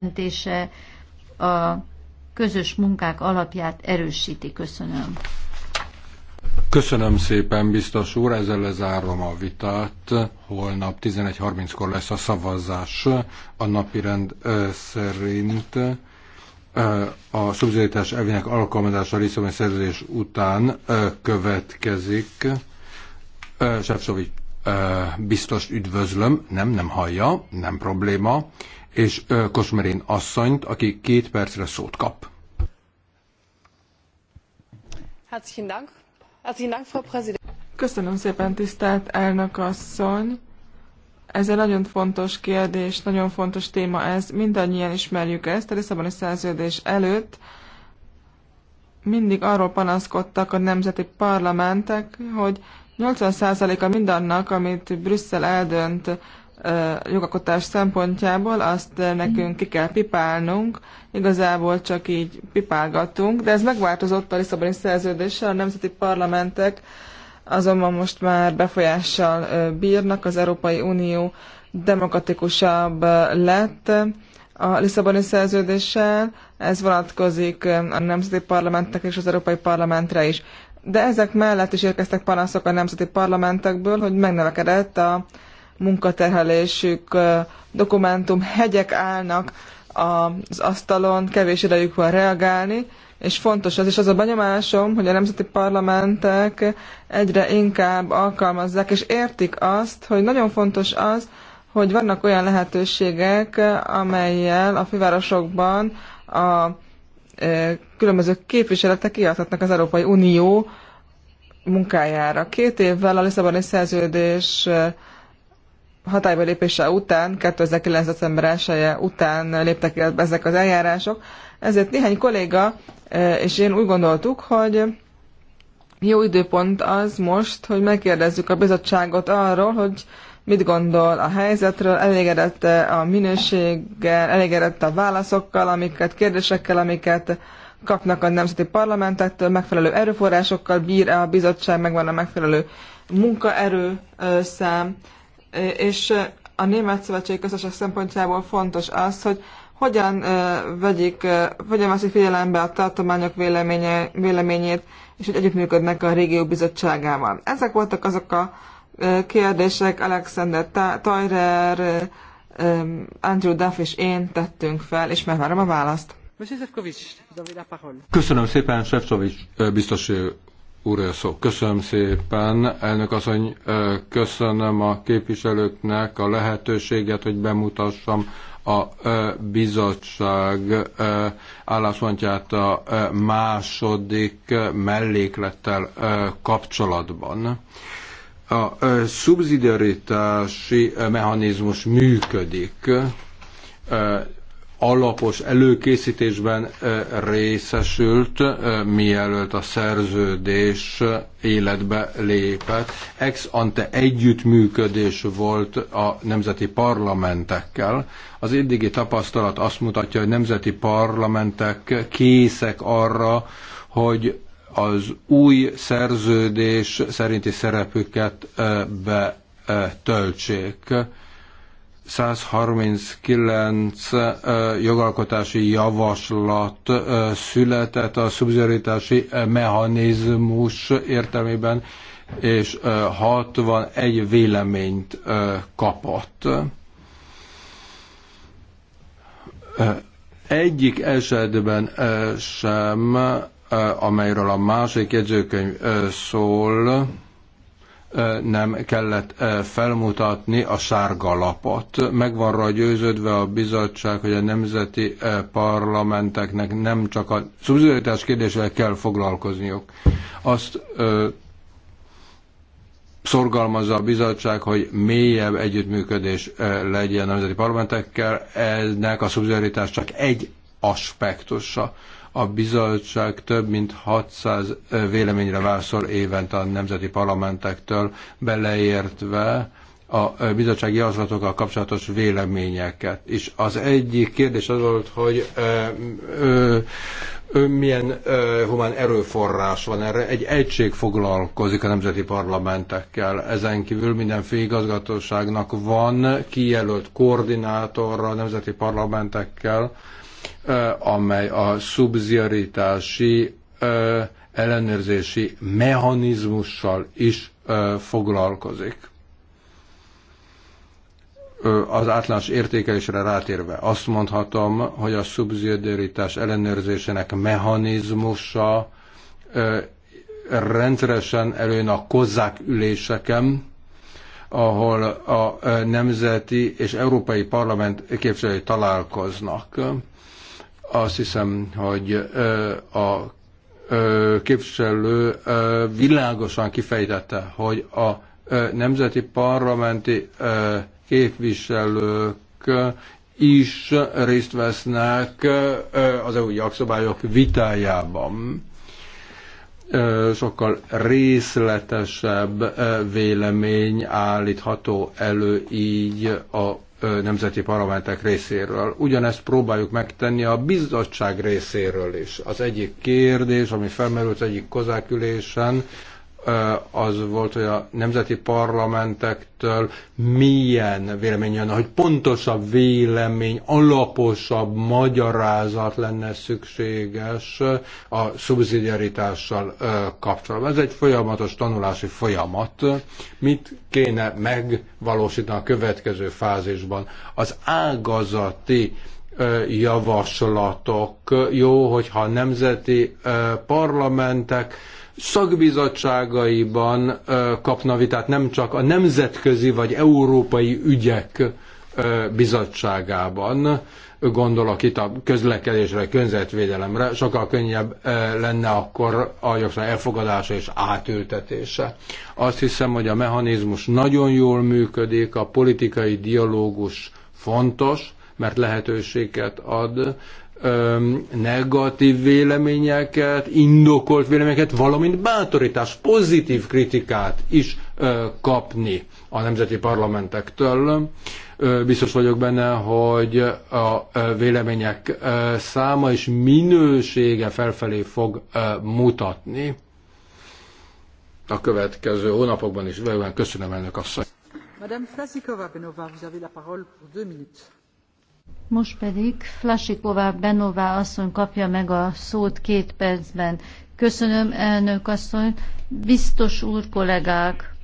jelentése a közös munkák alapját erősíti. Köszönöm. Köszönöm szépen, biztos úr, ezzel lezárom a vitát. Holnap 11.30-kor lesz a szavazás a napirend szerint. A szubszidiás elvének alkalmazása a Lisszaboni szerződés után következik. Sefcovics biztos üdvözlöm, nem, nem hallja, nem probléma és Kosmerén asszonyt, aki két percre szót kap. Köszönöm szépen, tisztelt elnök asszony! Ez egy nagyon fontos kérdés, nagyon fontos téma ez. Mindannyian ismerjük ezt. A Lisszaboni szerződés előtt mindig arról panaszkodtak a nemzeti parlamentek, hogy 80%-a mindannak, amit Brüsszel eldönt jogakotás szempontjából, azt nekünk ki kell pipálnunk, igazából csak így pipálgatunk, de ez megváltozott a Lisszaboni szerződéssel, a nemzeti parlamentek azonban most már befolyással bírnak, az Európai Unió demokratikusabb lett a Lisszaboni szerződéssel, ez vonatkozik a nemzeti parlamentek és az Európai Parlamentre is. De ezek mellett is érkeztek panaszok a nemzeti parlamentekből, hogy megnevekedett a munkaterhelésük, dokumentum hegyek állnak az asztalon, kevés idejük van reagálni, és fontos az, és az a benyomásom, hogy a nemzeti parlamentek egyre inkább alkalmazzák, és értik azt, hogy nagyon fontos az, hogy vannak olyan lehetőségek, amelyel a fővárosokban a különböző képviseletek kiadhatnak az Európai Unió munkájára. Két évvel a Lisszaboni szerződés hatályba lépése után, 2009. december 1 -e után léptek életbe ezek az eljárások, ezért néhány kolléga e, és én úgy gondoltuk, hogy jó időpont az most, hogy megkérdezzük a bizottságot arról, hogy mit gondol a helyzetről, elégedett a minőséggel, elégedett a válaszokkal, amiket kérdésekkel, amiket kapnak a nemzeti parlamentektől, megfelelő erőforrásokkal bír -e a bizottság, megvan a megfelelő munkaerő szám, és a Német Szövetség közösség szempontjából fontos az, hogy hogyan vegyik, hogyan veszik figyelembe a tartományok véleménye, véleményét, és hogy együttműködnek a régió bizottságával. Ezek voltak azok a kérdések, Alexander Tajrer, Andrew Duff és én tettünk fel, és megvárom a választ. Köszönöm szépen, Sefcovics biztos szó. Köszönöm szépen, elnök asszony, köszönöm a képviselőknek a lehetőséget, hogy bemutassam a bizottság álláspontját a második melléklettel kapcsolatban. A szubszidiaritási mechanizmus működik alapos előkészítésben részesült, mielőtt a szerződés életbe lépett. Ex ante együttműködés volt a nemzeti parlamentekkel. Az eddigi tapasztalat azt mutatja, hogy nemzeti parlamentek készek arra, hogy az új szerződés szerinti szerepüket betöltsék 139 jogalkotási javaslat született a szubzioritási mechanizmus értelmében, és 61 véleményt kapott. Egyik esetben sem, amelyről a másik jegyzőkönyv szól, nem kellett felmutatni a sárga lapot. Meg van rá győződve a bizottság, hogy a nemzeti parlamenteknek nem csak a szubszidiaritás kérdésével kell foglalkozniuk. Azt ö, szorgalmazza a bizottság, hogy mélyebb együttműködés legyen a nemzeti parlamentekkel. Ennek a szubszidiaritás csak egy aspektusa. A bizottság több mint 600 véleményre válaszol évente a nemzeti parlamentektől, beleértve a bizottsági javaslatokkal kapcsolatos véleményeket. És az egyik kérdés az volt, hogy ö, ö, milyen ö, humán erőforrás van erre. Egy egység foglalkozik a nemzeti parlamentekkel. Ezen kívül minden főigazgatóságnak van kijelölt koordinátorra a nemzeti parlamentekkel, amely a szubziaritási ellenőrzési mechanizmussal is foglalkozik. Az általános értékelésre rátérve azt mondhatom, hogy a szubziaritás ellenőrzésének mechanizmusa rendszeresen előjön a kozák üléseken, ahol a nemzeti és európai parlament képviselői találkoznak azt hiszem, hogy a képviselő világosan kifejtette, hogy a nemzeti parlamenti képviselők is részt vesznek az EU jogszabályok vitájában sokkal részletesebb vélemény állítható elő így a nemzeti parlamentek részéről. Ugyanezt próbáljuk megtenni a bizottság részéről is. Az egyik kérdés, ami felmerült az egyik kozákülésen, az volt, hogy a nemzeti parlamentektől milyen vélemény jön, hogy pontosabb vélemény, alaposabb magyarázat lenne szükséges a szubszidiaritással kapcsolatban. Ez egy folyamatos tanulási folyamat. Mit kéne megvalósítani a következő fázisban? Az ágazati javaslatok. Jó, hogyha nemzeti parlamentek szakbizottságaiban kapna vitát, nem csak a nemzetközi vagy európai ügyek bizottságában. Gondolok itt a közlekedésre, környezetvédelemre, sokkal könnyebb lenne akkor a jogszabály elfogadása és átültetése. Azt hiszem, hogy a mechanizmus nagyon jól működik, a politikai dialógus fontos, mert lehetőséget ad negatív véleményeket, indokolt véleményeket, valamint bátorítás, pozitív kritikát is kapni a nemzeti parlamentektől. Biztos vagyok benne, hogy a vélemények száma és minősége felfelé fog mutatni a következő hónapokban is. Köszönöm, elnök asszony. Madame Flasikova-Benova, vous avez la parole pour deux minutes. Most pedig Flasiková Benová asszony kapja meg a szót két percben. Köszönöm, elnök asszony. Biztos úr, kollégák!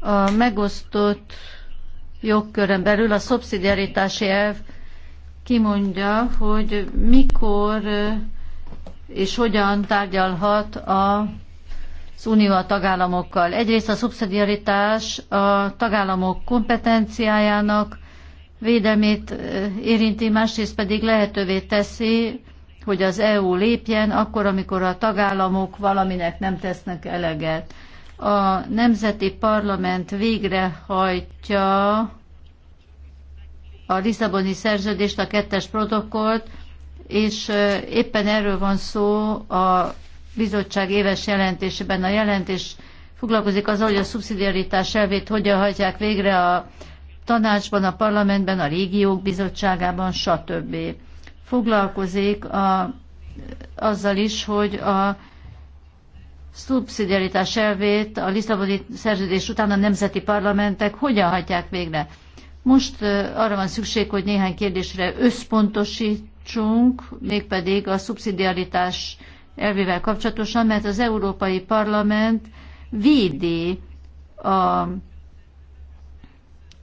A megosztott jogkörön belül a szubszidiaritási elv kimondja, hogy mikor és hogyan tárgyalhat a az Unió a tagállamokkal. Egyrészt a szubszidiaritás a tagállamok kompetenciájának védelmét érinti, másrészt pedig lehetővé teszi, hogy az EU lépjen akkor, amikor a tagállamok valaminek nem tesznek eleget. A Nemzeti Parlament végrehajtja a Lisszaboni szerződést, a kettes protokollt, és éppen erről van szó a bizottság éves jelentésében a jelentés foglalkozik azzal, hogy a szubszidiaritás elvét hogyan hagyják végre a tanácsban, a parlamentben, a régiók bizottságában, stb. Foglalkozik a, azzal is, hogy a szubszidiaritás elvét a Lisszaboni szerződés után a nemzeti parlamentek hogyan hagyják végre. Most arra van szükség, hogy néhány kérdésre összpontosítsunk, mégpedig a szubszidiaritás elvével kapcsolatosan, mert az Európai Parlament védi a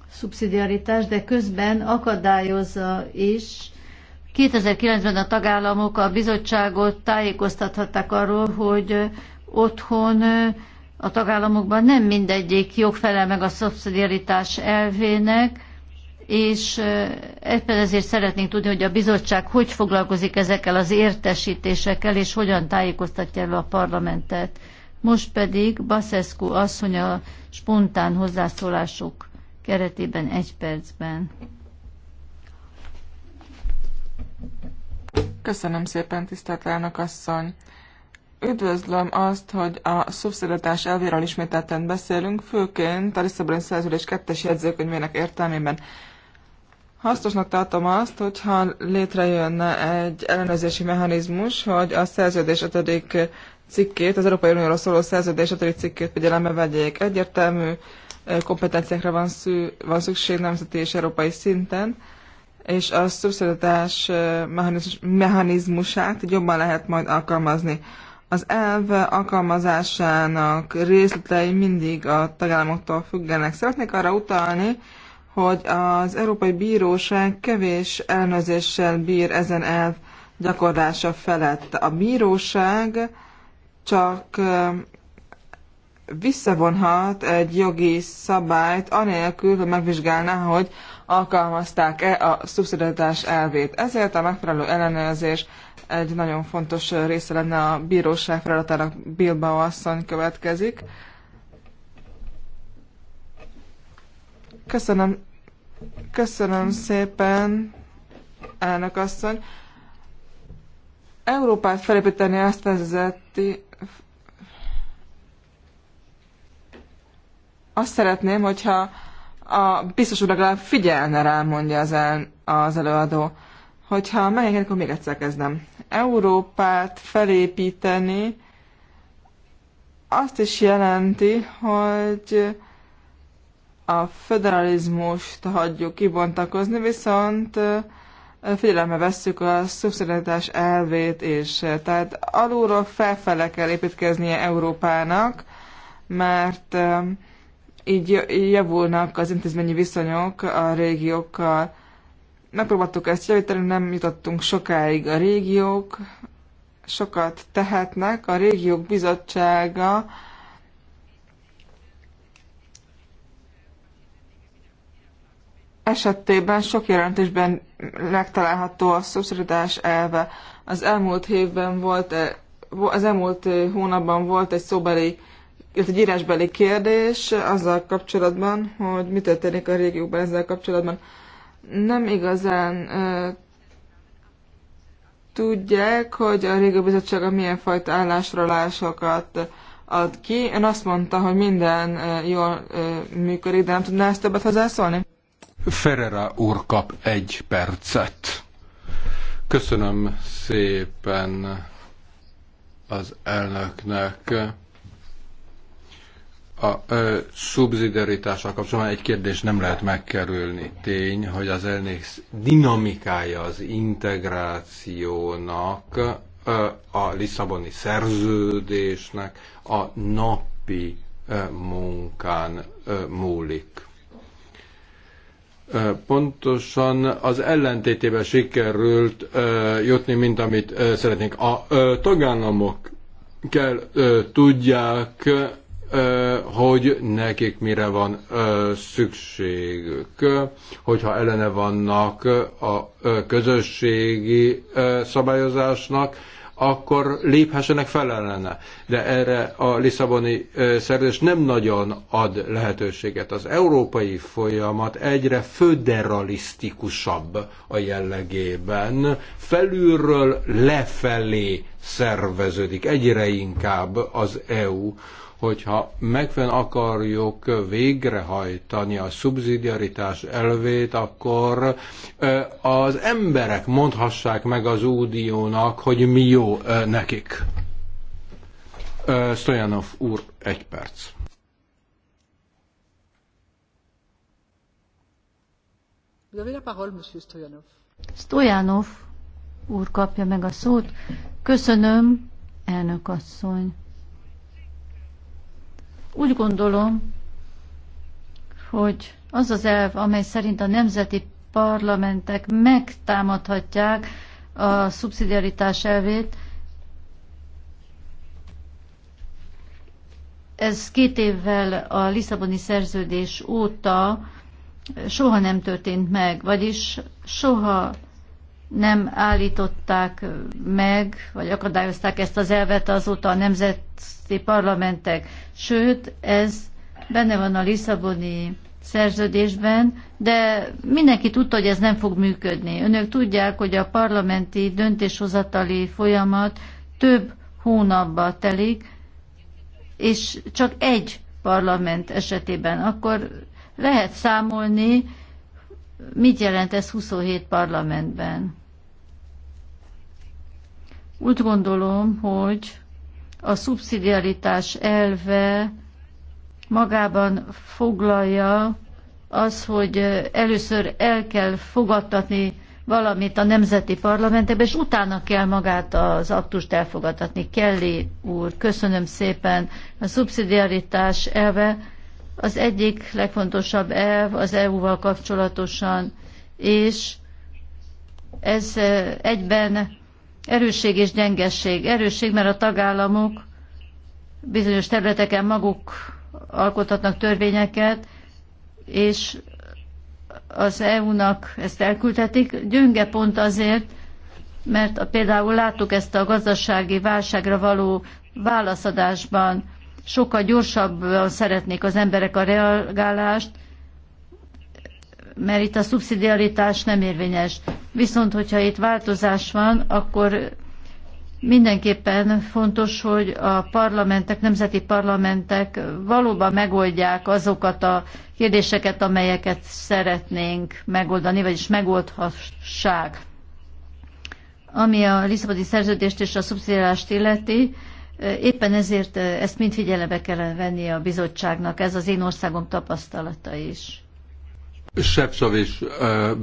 szubszidiaritás, de közben akadályozza is. 2009-ben a tagállamok a bizottságot tájékoztathatták arról, hogy otthon a tagállamokban nem mindegyik jog meg a szubszidiaritás elvének, és éppen ezért szeretnénk tudni, hogy a bizottság hogy foglalkozik ezekkel az értesítésekkel, és hogyan tájékoztatja elő a parlamentet. Most pedig Baszeszku asszony a spontán hozzászólások keretében egy percben. Köszönöm szépen, tisztelt elnök asszony! Üdvözlöm azt, hogy a szubszidatás elvéről ismételten beszélünk, főként a Lisszaboni Szerződés 2-es jegyzőkönyvének értelmében. Hasznosnak tartom azt, hogyha létrejönne egy ellenőrzési mechanizmus, hogy a szerződés ötödik cikkét, az Európai Unióról szóló szerződés ötödik cikkét figyelembe vegyék. Egyértelmű kompetenciákra van, van szükség nemzeti és európai szinten, és a szubszidatás mechanizmusát jobban lehet majd alkalmazni. Az elv alkalmazásának részletei mindig a tagállamoktól függenek. Szeretnék arra utalni, hogy az Európai Bíróság kevés elnözéssel bír ezen elv gyakorlása felett. A bíróság csak visszavonhat egy jogi szabályt, anélkül, hogy megvizsgálná, hogy alkalmazták-e a szubszidiaritás elvét. Ezért a megfelelő ellenőrzés egy nagyon fontos része lenne a bíróság feladatának Bilbao asszony következik. Köszönöm, köszönöm szépen, elnök asszony. Európát felépíteni azt vezeti, azt szeretném, hogyha a biztos úr legalább figyelne rám, mondja az, el, az előadó. Hogyha megengedik, akkor még egyszer kezdem. Európát felépíteni azt is jelenti, hogy a föderalizmust hagyjuk kibontakozni, viszont figyelembe vesszük a szubszidiaritás elvét is. Tehát alulról felfele kell építkeznie Európának, mert így javulnak az intézményi viszonyok a régiókkal. Megpróbáltuk ezt javítani, nem jutottunk sokáig. A régiók sokat tehetnek, a régiók bizottsága esetében sok jelentésben megtalálható a szubszidás elve. Az elmúlt évben volt, eh, az elmúlt eh, hónapban volt egy szóbeli, egy írásbeli kérdés azzal kapcsolatban, hogy mi történik a régióban ezzel kapcsolatban. Nem igazán eh, tudják, hogy a Régi Bizottsága milyen fajta állásrólásokat ad ki. Ön azt mondta, hogy minden jól működik, de nem tudná ezt többet hozzászólni? Ferrera úr kap egy percet. Köszönöm szépen az elnöknek. A ö, szubszidaritással kapcsolatban egy kérdés nem lehet megkerülni. Tény, hogy az elnök dinamikája az integrációnak, ö, a Lisszaboni szerződésnek a napi ö, munkán ö, múlik pontosan az ellentétébe sikerült jutni, mint amit szeretnénk. A tagállamok kell tudják, hogy nekik mire van szükségük, hogyha ellene vannak a közösségi szabályozásnak, akkor léphessenek fel ellene de erre a Lisszaboni szerződés nem nagyon ad lehetőséget. Az európai folyamat egyre föderalisztikusabb a jellegében, felülről lefelé szerveződik egyre inkább az EU hogyha megfelelően akarjuk végrehajtani a szubszidiaritás elvét, akkor az emberek mondhassák meg az údiónak, hogy mi jó nekik. Stojanov úr, egy perc. Stojanov úr kapja meg a szót. Köszönöm, elnök asszony. Úgy gondolom, hogy az az elv, amely szerint a nemzeti parlamentek megtámadhatják a szubszidiaritás elvét, Ez két évvel a Lisszaboni szerződés óta soha nem történt meg, vagyis soha nem állították meg, vagy akadályozták ezt az elvet azóta a nemzeti parlamentek. Sőt, ez benne van a Lisszaboni szerződésben, de mindenki tudta, hogy ez nem fog működni. Önök tudják, hogy a parlamenti döntéshozatali folyamat több hónapba telik, és csak egy parlament esetében, akkor lehet számolni, mit jelent ez 27 parlamentben. Úgy gondolom, hogy a szubszidiaritás elve magában foglalja az, hogy először el kell fogadtatni valamit a nemzeti parlamentekbe, és utána kell magát az aktust elfogadatni. Kelly úr, köszönöm szépen. A szubszidiaritás elve az egyik legfontosabb elv az EU-val kapcsolatosan, és ez eh, egyben erősség és gyengesség. Erősség, mert a tagállamok bizonyos területeken maguk alkothatnak törvényeket, és az EU-nak ezt elküldhetik. Gyönge pont azért, mert a, például láttuk ezt a gazdasági válságra való válaszadásban, sokkal gyorsabban szeretnék az emberek a reagálást, mert itt a szubszidiaritás nem érvényes. Viszont, hogyha itt változás van, akkor Mindenképpen fontos, hogy a parlamentek, nemzeti parlamentek valóban megoldják azokat a kérdéseket, amelyeket szeretnénk megoldani, vagyis megoldhassák. Ami a Lisszaboni szerződést és a szubszidiálást illeti, éppen ezért ezt mind figyelembe kellene venni a bizottságnak, ez az én országom tapasztalata is. Sepsovics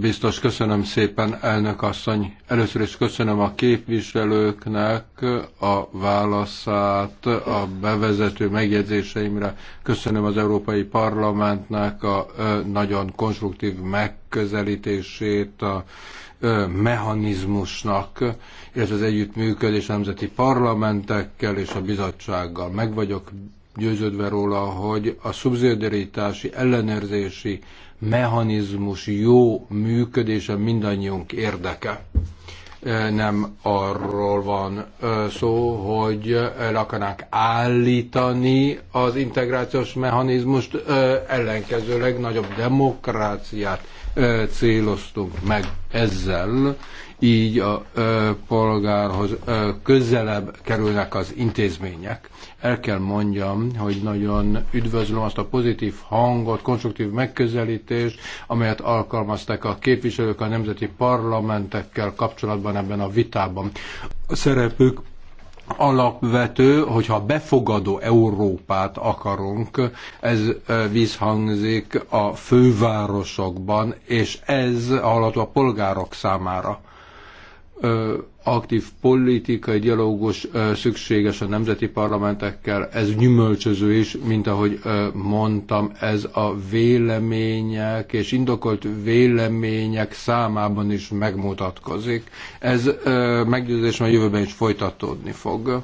biztos, köszönöm szépen, elnök asszony. Először is köszönöm a képviselőknek a válaszát, a bevezető megjegyzéseimre. Köszönöm az Európai Parlamentnek a nagyon konstruktív megközelítését a mechanizmusnak, illetve az együttműködés nemzeti parlamentekkel és a bizottsággal. Meg vagyok győződve róla, hogy a szubszidiaritási ellenőrzési mechanizmus jó működése mindannyiunk érdeke. Nem arról van szó, hogy el állítani az integrációs mechanizmust, ellenkezőleg nagyobb demokráciát céloztunk meg ezzel, így a polgárhoz közelebb kerülnek az intézmények. El kell mondjam, hogy nagyon üdvözlöm azt a pozitív hangot, konstruktív megközelítést, amelyet alkalmaztak a képviselők a nemzeti parlamentekkel kapcsolatban ebben a vitában. A szerepük alapvető, hogyha befogadó Európát akarunk, ez vízhangzik a fővárosokban, és ez hallható a polgárok számára aktív politikai dialógus szükséges a nemzeti parlamentekkel, ez nyümölcsöző is, mint ahogy mondtam, ez a vélemények és indokolt vélemények számában is megmutatkozik. Ez meggyőzésem a jövőben is folytatódni fog.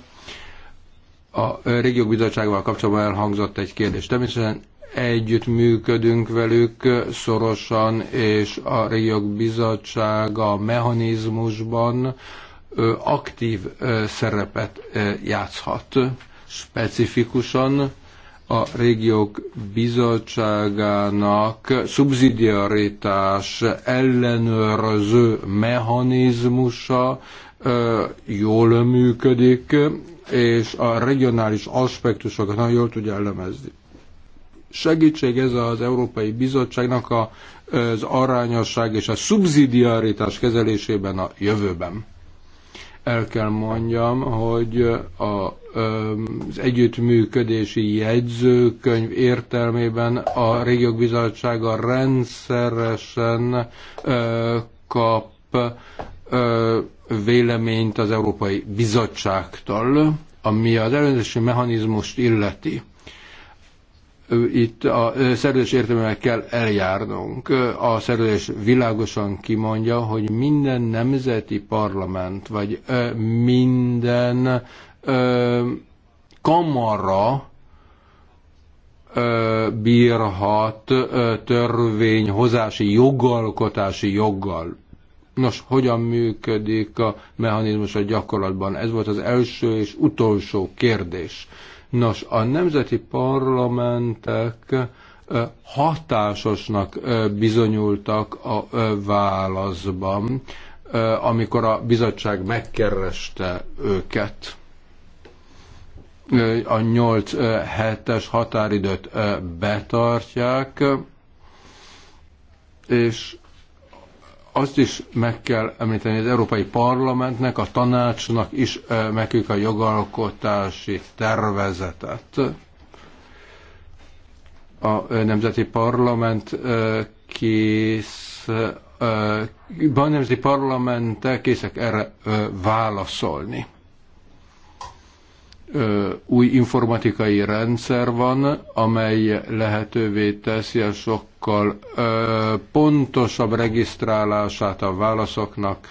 A régiók bizottságával kapcsolatban elhangzott egy kérdés. Természetesen együtt működünk velük szorosan, és a Riok Bizottsága mechanizmusban aktív szerepet játszhat. Specifikusan a régiók bizottságának szubszidiaritás ellenőrző mechanizmusa jól működik, és a regionális aspektusokat nagyon jól tudja elemezni segítség ez az Európai Bizottságnak a, az arányosság és a szubszidiaritás kezelésében a jövőben. El kell mondjam, hogy a, az együttműködési jegyzőkönyv értelmében a Régiók Bizottsága rendszeresen kap véleményt az Európai Bizottságtól, ami az előzési mechanizmust illeti itt a szerződés értelmében kell eljárnunk. A szerződés világosan kimondja, hogy minden nemzeti parlament, vagy minden kamara bírhat törvényhozási, jogalkotási joggal. Nos, hogyan működik a mechanizmus a gyakorlatban? Ez volt az első és utolsó kérdés. Nos, a nemzeti parlamentek hatásosnak bizonyultak a válaszban, amikor a bizottság megkereste őket a 8 hetes határidőt betartják, és azt is meg kell említeni, az Európai Parlamentnek, a tanácsnak is megküldjük a jogalkotási tervezetet. A Nemzeti Parlament kész a nemzeti parlamentek készek erre válaszolni új informatikai rendszer van, amely lehetővé teszi a sokkal pontosabb regisztrálását a válaszoknak,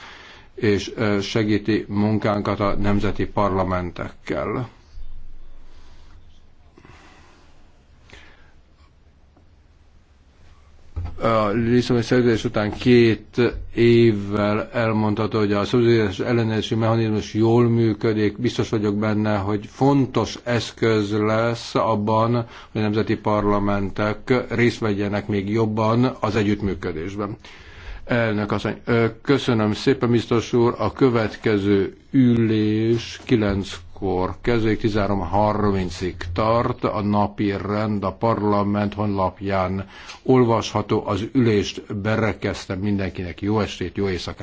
és segíti munkánkat a nemzeti parlamentekkel. a Lisszaboni szerződés után két évvel elmondható, hogy a szubszidiás ellenőrzési mechanizmus jól működik, biztos vagyok benne, hogy fontos eszköz lesz abban, hogy a nemzeti parlamentek részt vegyenek még jobban az együttműködésben. Elnök asszony, köszönöm szépen, biztos úr, a következő ülés 9 órakor kezdődik, 13.30-ig tart, a napi rend a parlament honlapján olvasható, az ülést berekeztem mindenkinek, jó estét, jó éjszakát!